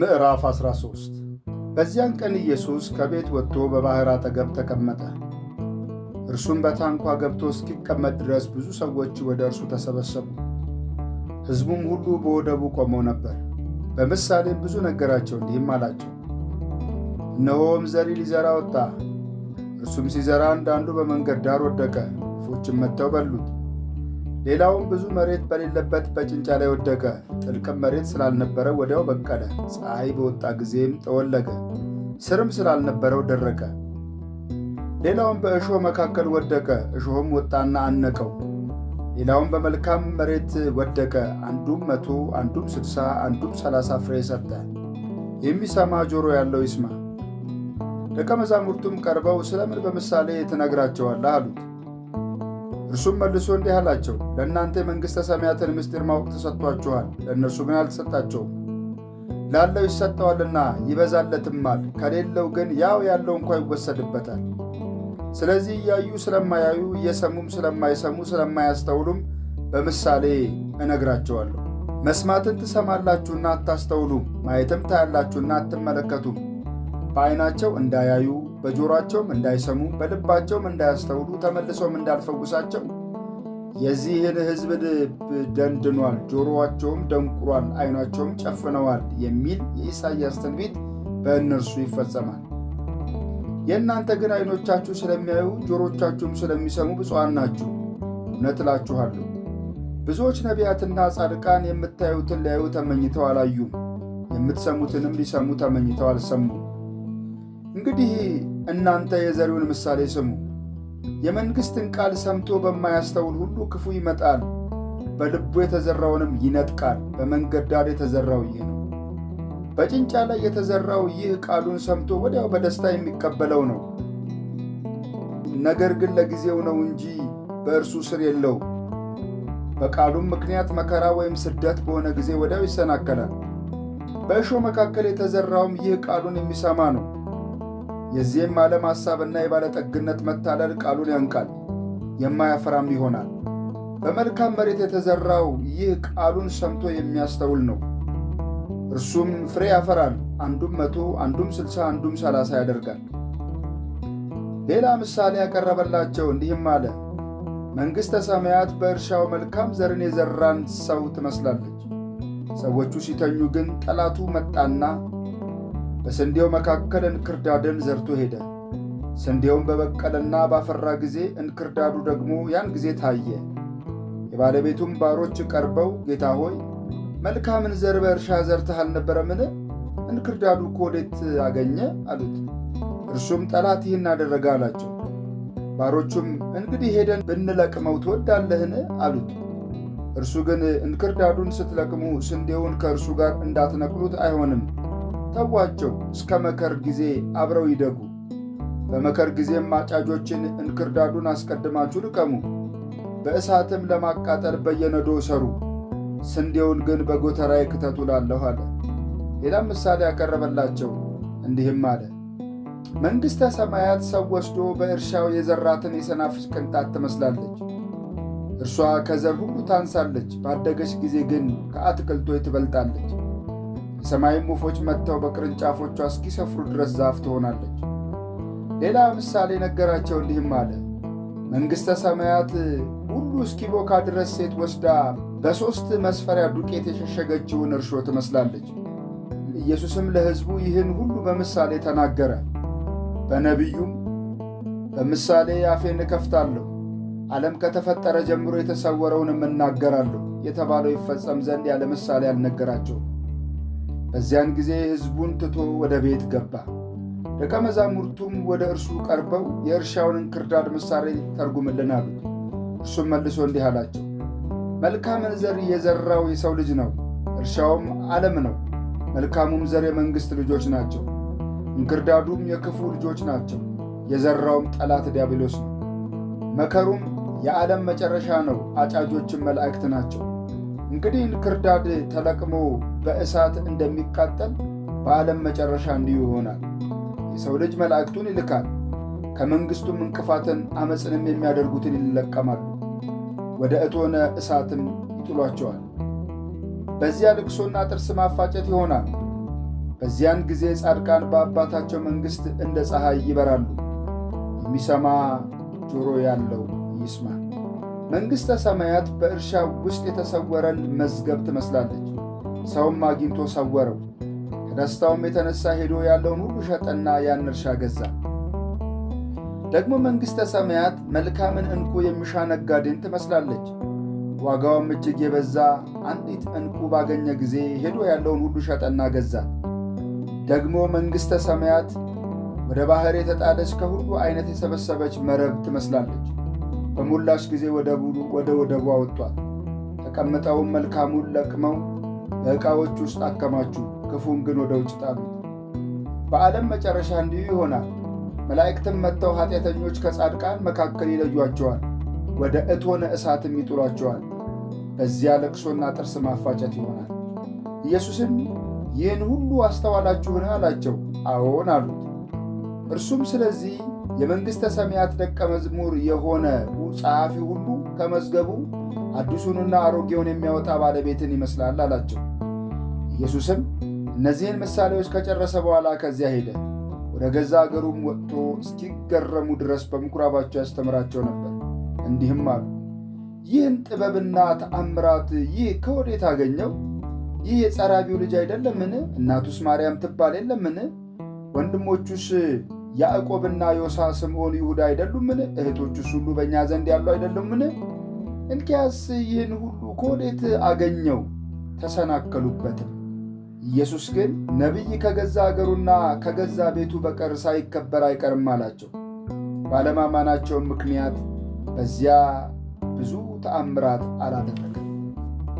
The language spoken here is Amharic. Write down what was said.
ምዕራፍ 13 በዚያን ቀን ኢየሱስ ከቤት ወጥቶ በባሕር አጠገብ ተቀመጠ። እርሱም በታንኳ ገብቶ እስኪቀመጥ ድረስ ብዙ ሰዎች ወደ እርሱ ተሰበሰቡ። ሕዝቡም ሁሉ በወደቡ ቆመው ነበር። በምሳሌም ብዙ ነገራቸው፣ እንዲህም አላቸው። እነሆም ዘሪ ሊዘራ ወጣ። እርሱም ሲዘራ አንዳንዱ በመንገድ ዳር ወደቀ፣ ወፎችም መጥተው በሉት። ሌላውም ብዙ መሬት በሌለበት በጭንጫ ላይ ወደቀ። ጥልቅም መሬት ስላልነበረ ወዲያው በቀለ። ፀሐይ በወጣ ጊዜም ጠወለገ፣ ስርም ስላልነበረው ደረቀ። ሌላውም በእሾህ መካከል ወደቀ፣ እሾህም ወጣና አነቀው። ሌላውም በመልካም መሬት ወደቀ። አንዱም መቶ አንዱም ስድሳ አንዱም ሰላሳ ፍሬ ሰጠ። የሚሰማ ጆሮ ያለው ይስማ። ደቀ መዛሙርቱም ቀርበው ስለምን በምሳሌ ትነግራቸዋለህ አሉት። እርሱም መልሶ እንዲህ አላቸው፣ ለእናንተ የመንግሥተ ሰማያትን ምስጢር ማወቅ ተሰጥቷችኋል፣ ለእነርሱ ግን አልተሰጣቸውም። ላለው ይሰጠዋልና ይበዛለትማል፣ ከሌለው ግን ያው ያለው እንኳ ይወሰድበታል። ስለዚህ እያዩ ስለማያዩ እየሰሙም ስለማይሰሙ ስለማያስተውሉም በምሳሌ እነግራቸዋለሁ። መስማትን ትሰማላችሁና አታስተውሉም፣ ማየትም ታያላችሁና አትመለከቱም። በዓይናቸው እንዳያዩ በጆሮአቸውም እንዳይሰሙ በልባቸውም እንዳያስተውሉ ተመልሰውም እንዳልፈውሳቸው የዚህን ሕዝብ ልብ ደንድኗል፣ ጆሮአቸውም ደንቁሯል፣ ዓይናቸውም ጨፍነዋል የሚል የኢሳያስ ትንቢት በእነርሱ ይፈጸማል። የእናንተ ግን ዓይኖቻችሁ ስለሚያዩ ጆሮቻችሁም ስለሚሰሙ ብፁዓን ናችሁ። እውነት እላችኋለሁ ብዙዎች ነቢያትና ጻድቃን የምታዩትን ሊያዩ ተመኝተው አላዩም፣ የምትሰሙትንም ሊሰሙ ተመኝተው አልሰሙም። እንግዲህ እናንተ የዘሪውን ምሳሌ ስሙ። የመንግሥትን ቃል ሰምቶ በማያስተውል ሁሉ ክፉ ይመጣል፣ በልቡ የተዘራውንም ይነጥቃል። በመንገድ ዳር የተዘራው ይህ ነው። በጭንጫ ላይ የተዘራው ይህ ቃሉን ሰምቶ ወዲያው በደስታ የሚቀበለው ነው። ነገር ግን ለጊዜው ነው እንጂ በእርሱ ስር የለው። በቃሉም ምክንያት መከራ ወይም ስደት በሆነ ጊዜ ወዲያው ይሰናከላል። በእሾህ መካከል የተዘራውም ይህ ቃሉን የሚሰማ ነው የዚህም ዓለም ሐሳብና የባለጠግነት መታለል ቃሉን ያንቃል፣ የማያፈራም ይሆናል። በመልካም መሬት የተዘራው ይህ ቃሉን ሰምቶ የሚያስተውል ነው። እርሱም ፍሬ ያፈራል፣ አንዱም መቶ አንዱም ስልሳ አንዱም ሰላሳ ያደርጋል። ሌላ ምሳሌ ያቀረበላቸው እንዲህም አለ። መንግሥተ ሰማያት በእርሻው መልካም ዘርን የዘራን ሰው ትመስላለች። ሰዎቹ ሲተኙ ግን ጠላቱ መጣና በስንዴው መካከል እንክርዳድን ዘርቶ ሄደ። ስንዴውን በበቀለና ባፈራ ጊዜ እንክርዳዱ ደግሞ ያን ጊዜ ታየ። የባለቤቱም ባሮች ቀርበው ጌታ ሆይ መልካምን ዘር በእርሻ ዘርተህ አልነበረምን? እንክርዳዱ ከወዴት አገኘ አሉት። እርሱም ጠላት ይህን አደረገ አላቸው። ባሮቹም እንግዲህ ሄደን ብንለቅመው ትወዳለህን? አሉት። እርሱ ግን እንክርዳዱን ስትለቅሙ ስንዴውን ከእርሱ ጋር እንዳትነቅሉት አይሆንም ተዋቸው፣ እስከ መከር ጊዜ አብረው ይደጉ። በመከር ጊዜም አጫጆችን እንክርዳዱን አስቀድማችሁ ልቀሙ፣ በእሳትም ለማቃጠል በየነዶ ሰሩ፣ ስንዴውን ግን በጎተራይ ክተቱ ላለሁ አለ። ሌላም ምሳሌ ያቀረበላቸው እንዲህም አለ። መንግሥተ ሰማያት ሰው ወስዶ በእርሻው የዘራትን የሰናፍጭ ቅንጣት ትመስላለች። እርሷ ከዘር ሁሉ ታንሳለች፣ ባደገች ጊዜ ግን ከአትክልቶች ትበልጣለች። የሰማይም ወፎች መጥተው በቅርንጫፎቿ እስኪሰፍሩ ድረስ ዛፍ ትሆናለች። ሌላ ምሳሌ ነገራቸው፣ እንዲህም አለ። መንግሥተ ሰማያት ሁሉ እስኪቦካ ድረስ ሴት ወስዳ በሦስት መስፈሪያ ዱቄት የሸሸገችውን እርሾ ትመስላለች። ኢየሱስም ለሕዝቡ ይህን ሁሉ በምሳሌ ተናገረ። በነቢዩም በምሳሌ አፌን እከፍታለሁ፣ ዓለም ከተፈጠረ ጀምሮ የተሰወረውንም እናገራለሁ የተባለው ይፈጸም ዘንድ ያለ ምሳሌ አልነገራቸውም። በዚያን ጊዜ ሕዝቡን ትቶ ወደ ቤት ገባ። ደቀ መዛሙርቱም ወደ እርሱ ቀርበው የእርሻውን እንክርዳድ ምሳሌ ተርጉምልን አሉት። እርሱም መልሶ እንዲህ አላቸው፣ መልካምን ዘር የዘራው የሰው ልጅ ነው፣ እርሻውም ዓለም ነው። መልካሙም ዘር የመንግሥት ልጆች ናቸው፣ እንክርዳዱም የክፉ ልጆች ናቸው። የዘራውም ጠላት ዲያብሎስ ነው። መከሩም የዓለም መጨረሻ ነው፣ አጫጆችም መላእክት ናቸው። እንግዲህ እንክርዳድ ተለቅሞ በእሳት እንደሚቃጠል በዓለም መጨረሻ እንዲሁ ይሆናል። የሰው ልጅ መላእክቱን ይልካል፣ ከመንግሥቱም እንቅፋትን ዓመፅንም የሚያደርጉትን ይለቀማሉ፣ ወደ እቶነ እሳትም ይጥሏቸዋል። በዚያ ልቅሶና ጥርስ ማፋጨት ይሆናል። በዚያን ጊዜ ጻድቃን በአባታቸው መንግሥት እንደ ፀሐይ ይበራሉ። የሚሰማ ጆሮ ያለው ይስማ። መንግሥተ ሰማያት በእርሻ ውስጥ የተሰወረን መዝገብ ትመስላለች። ሰውም አግኝቶ ሰወረው። ከደስታውም የተነሳ ሄዶ ያለውን ሁሉ ሸጠና ያን እርሻ ገዛ። ደግሞ መንግሥተ ሰማያት መልካምን እንቁ የሚሻ ነጋዴን ትመስላለች። ዋጋውም እጅግ የበዛ አንዲት እንቁ ባገኘ ጊዜ ሄዶ ያለውን ሁሉ ሸጠና ገዛ። ደግሞ መንግሥተ ሰማያት ወደ ባሕር የተጣለች ከሁሉ ዐይነት የሰበሰበች መረብ ትመስላለች። በሞላች ጊዜ ወደ ወደቡ አወጧት። ተቀምጠውም መልካሙን ለቅመው በዕቃዎች ውስጥ አከማቹ፣ ክፉን ግን ወደ ውጭ ጣሉት። በዓለም መጨረሻ እንዲሁ ይሆናል። መላእክትም መጥተው ኃጢአተኞች ከጻድቃን መካከል ይለዩአቸዋል፣ ወደ እቶነ እሳትም ይጥሏቸዋል። በዚያ ለቅሶና ጥርስ ማፋጨት ይሆናል። ኢየሱስም ይህን ሁሉ አስተዋላችሁን? አላቸው። አዎን አሉት። እርሱም ስለዚህ የመንግሥተ ሰማያት ደቀ መዝሙር የሆነ ጸሐፊ ሁሉ ከመዝገቡ አዲሱንና አሮጌውን የሚያወጣ ባለቤትን ይመስላል አላቸው። ኢየሱስም እነዚህን ምሳሌዎች ከጨረሰ በኋላ ከዚያ ሄደ። ወደ ገዛ አገሩም ወጥቶ እስኪገረሙ ድረስ በምኩራባቸው ያስተምራቸው ነበር። እንዲህም አሉ፣ ይህን ጥበብና ተአምራት ይህ ከወዴት አገኘው? ይህ የጸራቢው ልጅ አይደለምን? እናቱስ ማርያም ትባል የለምን? ወንድሞቹስ ያዕቆብና ዮሳ፣ ስምዖን፣ ይሁዳ አይደሉምን? እህቶቹስ ሁሉ በእኛ ዘንድ ያሉ አይደሉምን? እንኪያስ ይህን ሁሉ ከወዴት አገኘው? ተሰናከሉበትም። ኢየሱስ ግን ነቢይ ከገዛ አገሩና ከገዛ ቤቱ በቀር ሳይከበር አይቀርም አላቸው። ባለማማናቸውም ምክንያት በዚያ ብዙ ተአምራት አላደረገም።